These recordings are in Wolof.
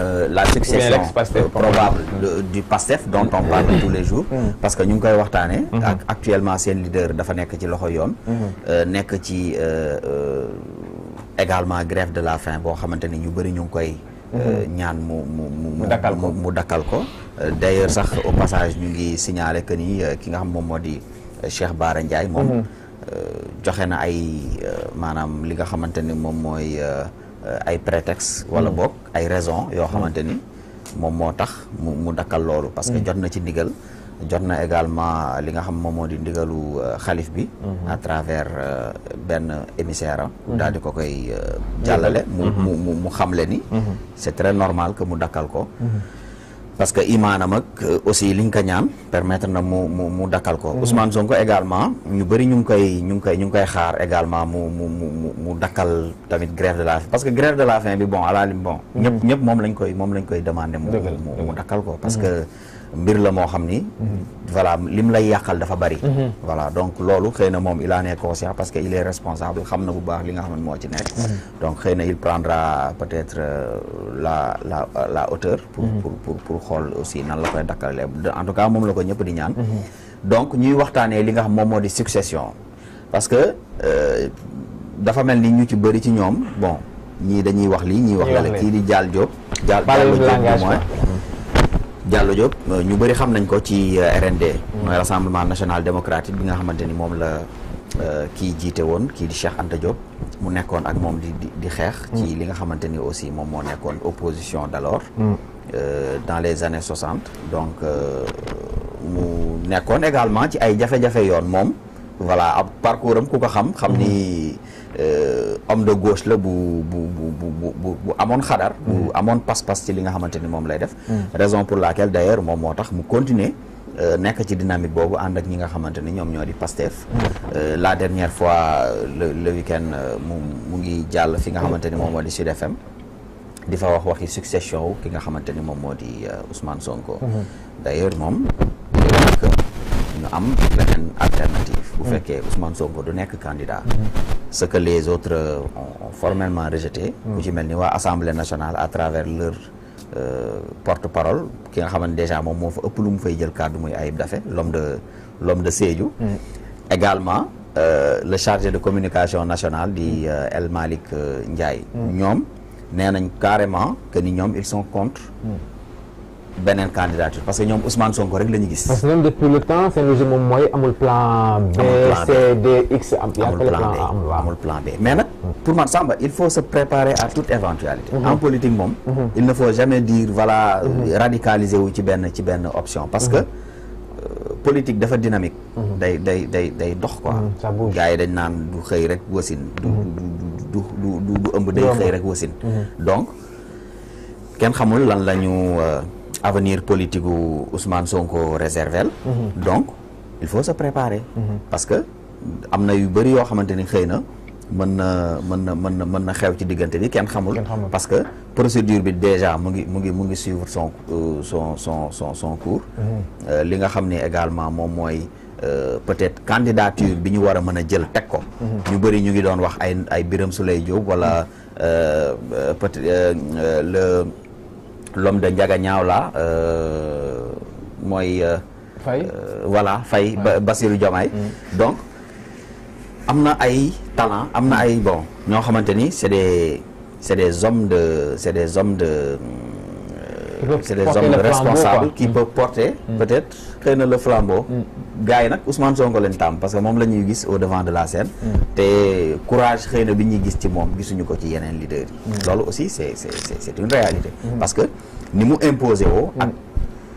Euh, la succession euh, probable du PASTEF dont on parle mm-hmm. tous les jours mm-hmm. parce que nous avons koy mm-hmm. actuellement leader dafa euh, également grève de la faim Nous que nous d'ailleurs au passage nous avons signalé que ni ki nga xam ay prétexte wala hmm. boog ay raison yoo hmm. xamante ni moom moo tax mu mu dakkal loolu parce que hmm. jot na ci ndigal jot na également li nga xam moom moo di ndigalu euh, xalif bi à travers euh, benn émissaire am di ko koy euh, jàllale mu mu mu xamle ni c'est très normal ko mu dakkal ko parce que imaanam ak euh, aussi ñu ko ñaan permettre na mu mu mu dakkal ko. Mm-hmm. Ousmane Sonko également ñu bëri ñu ngi koy ñu ngi koy ñu ngi koy xaar également mu mu mu mu dakkal tamit grève de la faim parce que grève de la faim bi bon à la bon. ñëpp mm-hmm. ñëpp moom lañ koy moom lañ koy demandé. mu mu dakkal ko parce mm-hmm. que. mbir la mo xam mhm. voilà lim lay yàqal dafa bari mhm. voilà donc loolu xëy na moom il en est conscient parce que il est responsable xam na bu baax li nga xam ne ci nekk mhm. donc xëy il prendra peut-être euh, la la la hauteur pour pour pour pour xool aussi nan la koy dakkalee en tout cas moom la ko ñëpp di ñaan donc ñuy waxtaanee li nga xam moom moo di succession parce que euh, dafa mel ni ñu ci bëri ci ñoom bon ñii dañuy wax lii ñuy wax lale kii di jaal Diop jaal Diop Diallo Diop euh, ñu bëri xam nañ ko ci euh, RND mooy rassemblement national démocratique bi nga xamante ni moom la euh, kii jiite woon kii di Cheikh Anta Diop mu nekkoon ak moom di di xeex ci mm. li nga xamante ni aussi moom moo nekkoon opposition d'alors mm. dans les années soixante donc mu nekkoon également ci ay jafe-jafe yoon moom voilà ab parcours am ku ko xam xam ni euh, homme de gauche la bu bu bu bu bu amoon xadar bu mm. amoon pas-pas ci li nga xamante ni moom lay def mm. raison pour la laquelle d'ailleurs moom moo tax mu continuer euh, nekk ci dynamique boobu ànd ak ñi nga xamante ni ñoom ñoo di Pastef mm. euh, la dernière fois le le week mu mu ngi jàll fi nga xamante ni moom moo di Sud FM di fa wax waxi succession ki nga xamante ni moom moo di Ousmane Sonko mm-hmm. d'ailleurs moom am beneen alternative bu hmm. fekkee Ousmane Sonko du nekk candidat ce que les autres euh, ont formellement rejeté hmm. ku ci mel ni assemblée nationale à travers leur euh, porte-parole ki nga xamante déjà mom moo fa ëpp lu mu fay jël cadre muy Ayib Daffé l'homme de l'homme de Sédiou hmm. également euh, le chargé de communication nationale di El Malik Ndiaye ñom nee carrément que ni ñom ils sont contre candidature parce que Ousmane depuis le temps c'est plan B. C D X plan plan B mais pour man Samba il faut se préparer à toute éventualité. Mhm. en politique bon mhm. il ne faut jamais dire voilà mhm. radicaliser ci ci option parce que. Euh, politique dafa dynamique. day quoi. dañ du rek du du du du donc avenir politique gu Ousmane Sonko réservé mhm. donc il faut se préparer. Mhm. parce que amener une yu bëri yoo xamante ni xëy na man, na man, na mën na mën xew ci bi xamul. parce que procédure bi déjà mu ngi mu ngi ngi suivre son euh, son son son son cours. Mhm. Euh, li nga également moom mooy. Euh, peut-être candidature bi ñu war a mën a jël teg ko. ñu bëri ñu ngi doon wax ay ay wala euh, peut-être le l'homme de Ndiaganiao là euh, mooy. Euh, Faye euh, voilà Faye Bassirou Diomaye mm. donc amna ay talent amna ay bon nous xamante c'est des c'est des hommes de c'est des hommes de. c'est des hommes responsables qui mm. peuvent porter mm. peut-être xëy na le flambeau mm. gars yi nag Ousmane Sonko leen tàmm parce que moom la ñuy gis au devant de la scène te courage xëy na bi ñuy gis ci moom gisuñu ko ci yeneen leaders yi loolu aussi c'est c'est c'est une réalité parce que ni mu imposé woo ak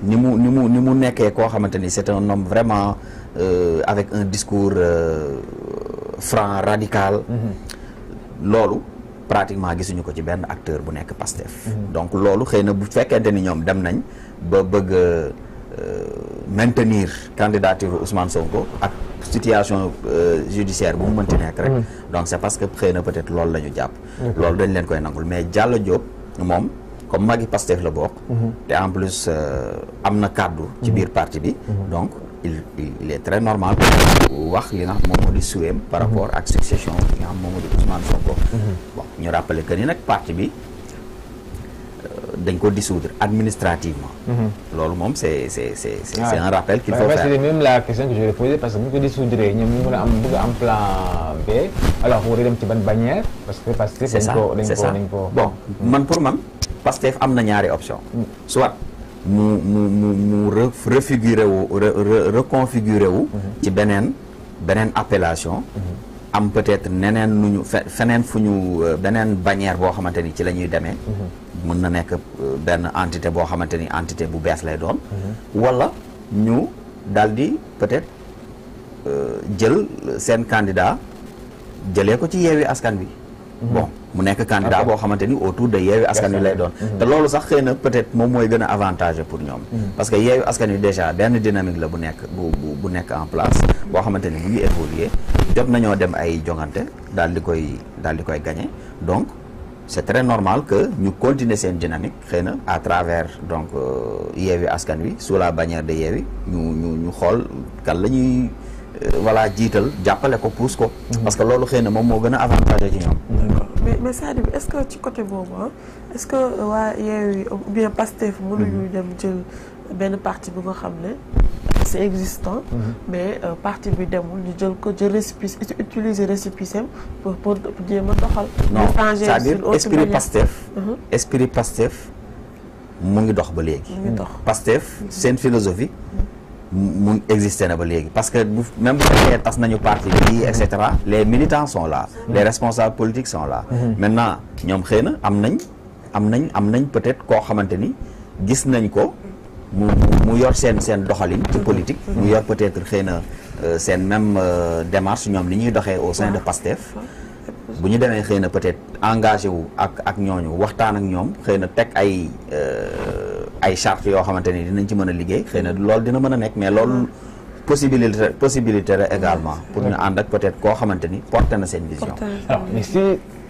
ni mu ni mu ni mu nekkee koo xamante ni c'est un homme vraiment euh, avec un discours euh, franc radical mm-hmm. loolu pratiquement gisuñu ko ci benn acteur bu nekk Pastef mm-hmm. donc loolu xëy na bu fekkente ni ñoom dem nañ ba bëgg euh, maintenir candidature Ousmane Sonko ak situation euh, judiciaire bu mu mënti nekk rek mm-hmm. donc c'est parce que xëy na peut-être loolu la ñu jàpp mm-hmm. loolu dañ leen koy nangul mais Diallo Diop moom comme magi Pastef la bokk te en plus euh, am na kàddu ci biir partie bi donc il il est très normal wax li nga xam moom moo di suweem par mhm. rapport ak succession li nga xam moom moo di Ousmane Sonko mhm. bon ñu rappeler que ni nag parti bi euh, dañ ko dissoudre administrativement. Mhm. loolu moom c'est c'est c'est est un rappel qu'il faut faire. c'est même la question que je vais parce que vous dites ko dissoudre ñoom ñu mën a am bëgg am plan B alors war a dem ci ban bannière. parce que parce que dañ ko dañ ko dañ bon man pour man Pastef am na ñaari option mm. soit mu mu mu mu re refiguré wu reconfiguré wu. Mhm. ci beneen beneen appellation. Mhm. am peut-être neneen nu ñu feneen fu ñu euh, beneen bannière boo xamante ni ci la ñuy demee. Mhm. na nekk euh, benn entité boo xamante ni entité bu bees lay doon. walla ñu daal di peut-être euh, jël seen candidat jëlee ko ci yeewi askan bi bon mu nekk candidat boo xamante ni autour de yeewi askan wi lay doon te loolu sax xëy na peut être moom mooy gën a avantagé pour ñoom mm. parce que yeewi askan wi déjà benn dynamique la bu nekk bu bu bu nekk en place boo xamante ni mu ngi évoluer jot nañoo dem ay jongante daal di koy daal di koy gagné donc c'est très normal que ñu continuer seen dynamique xëy na à travers donc euh, yeewi askan wi sous la bannière de ñu ñu ñu xool kan la ñuy euh, voilà jiital jàppale ko pousse ko mm-hmm. parce que loolu xëy na moom moo gën a avantagé ci ñoom mm-hmm. mais mais est-ce que tu côté boobu hein? est-ce que il euh, y ou bien Pastef mënuñu mhm. dem jël ben parti bu ko xamné c'est existant mhm. mais euh, parti bi demul ñu jël ko jël récépissé utiliser récépissé pour pour dire a doxal non c'est-à-dire esprit Pastef mhm. esprit Pastef mu ngi dox ba léegi Pastef une philosophie mun existé na parce que même bu fekkee tas nañu parti et cetera les militants sont là mm-hmm. les responsables politiques sont là mm-hmm. maintenant nous xëy na am nañ am peut-être koo xamante ni gis nañ ko mu mu yor seen seen doxalin ci mm-hmm. politique mu yor peut-être xëy c'est euh, même euh, démarche nous li ñuy doxee au sein de PASTEF bu ñu demee xëy peut-être engagé wu ak ak ñooñu waxtaan ak ñoom xëy tek ay euh, ay charte yoo xamante ni dinañ ci mën a liggéey xëy loolu dina mën a nekk mais lool possibilité possibilité la également pour ñu ànd ak peut-être koo xamante ni porté na seen vision alors mais si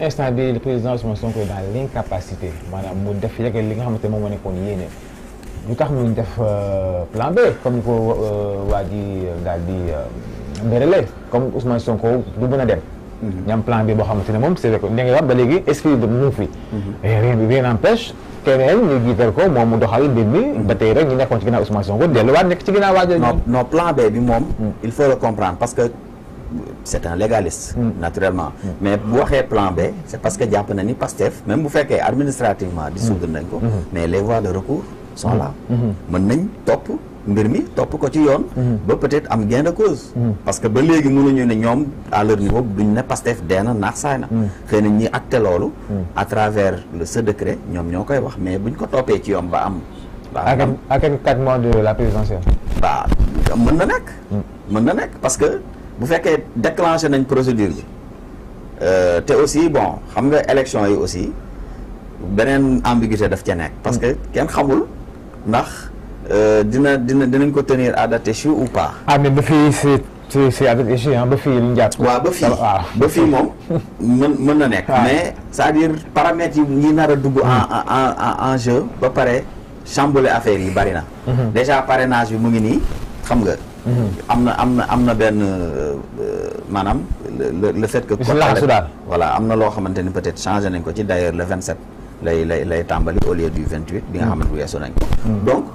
instant bi le président Ousmane Sonko dans l'incapacité maanaam mu def yegal li nga xamante moom moo nekkoon yéene lu tax mu def euh, plan B comme ni ko euh, waa ji daal di euh, mbérale comme Ousmane Sonko du mën a dem Mhm. ñam plan bi boo xamante ne moom c'est vrai que da ngay wax ba léegi esprit de mu ngi fi mais mhm. rien rien n'empêche keneen ñu le ko moom mu doxal mbir mi mhm. ba tey rek ñu nekkoon ci ginnaaw Le Sonko delluwaat nekk ci ginnaaw waajal non non plan B bi moom il faut le comprendre parce que c'est un légaliste naturellement mais bu waxee plan B c'est parce que jàpp na ni Pastef même bu fekkee administrativement dissoudre nañ ko mais les voies de recours sont là mën nañ topp mbir mi topp ko ci yoon mhm. ba peut-être am gain de cause mhm. parce que ba léegi mënuñu ne ñoom à leur niveau duñ ne Pastef dee na naax saay na xëy na ñi acté loolu mhm. à travers le ce décret ñoom ñoo koy wax mais buñ ko toppee ci yoon ba am à à quelques mois de la présidentielle waaw mën na nekk mm. mën na nekk parce que bu fekkee déclenché nañ procédure bi euh, te aussi bon xam nga élection yi aussi beneen ambiguïté daf ca nekk parce mm. que kenn xamul ndax Euh, dina dina dinañ ko tenir à date échue ou pas. ah mais ba c'est c'est à date échue hein. ba fii il n'y a ba fii ba fii mon mon mën ah. mais c'est-à-dire paramètres ni nara nar hmm. en en en en jeu ba pare chambouler affaire yi bari na. Hmm. déjà parrainage bi mu ngi nii xam nga. Hmm. am na am euh, le fait que. voilà amna na loo peut-être changer nañ ko ci d'ailleurs le 27 lay lay lay tambali au lieu du 28 bi nga xamante weesu nañ donc.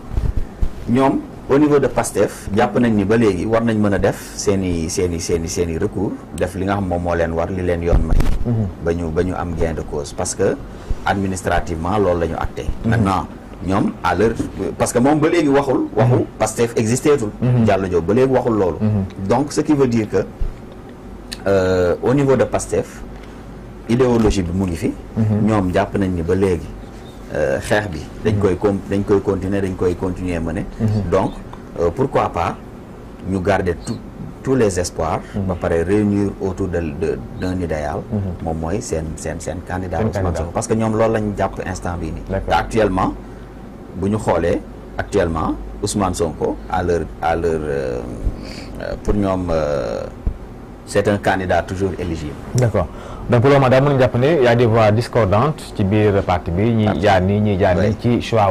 ñoom au niveau de PASTEF jàpp nañ ni ba léegi war nañ mën a def seen i seen i seeni seen i recours def li nga xam moom moo leen war li leen yoon may mhm. ba ñu ba ñu am gain de cause parce que administrativement loolu lañu ñu acté mhm. maintenant ñoom à l'heure parce que moom ba léegi waxul waxu mhm. PASTEF existeetul Diallo Diop ba léegi waxul loolu donc ce qui veut dire que euh, au niveau de PASTEF idéologie bi mu ngi fi ñoom jàpp nañ ni ba léegi Euh, xeex bi dañ mhm. koy com dañ koy continuer dañ koy continuer mener mhm. donc euh, pourquoi pas ñu garder tous les espoirs mhm. ba pare réunir autour de d'un idéal moom mooy seen seen seen candidat parce que ñoom loolu lañ jàpp instant bii nii actuellement bu ñu xoolee actuellement Ousmane Sonko à leur à leur euh, pour ñoom c'est un candidat toujours éligible. d'accord donc loolu moo tax mën nañu jàpp ne y a des voix discordantes ci biir parti bi. nii ñii jaar nii ci choix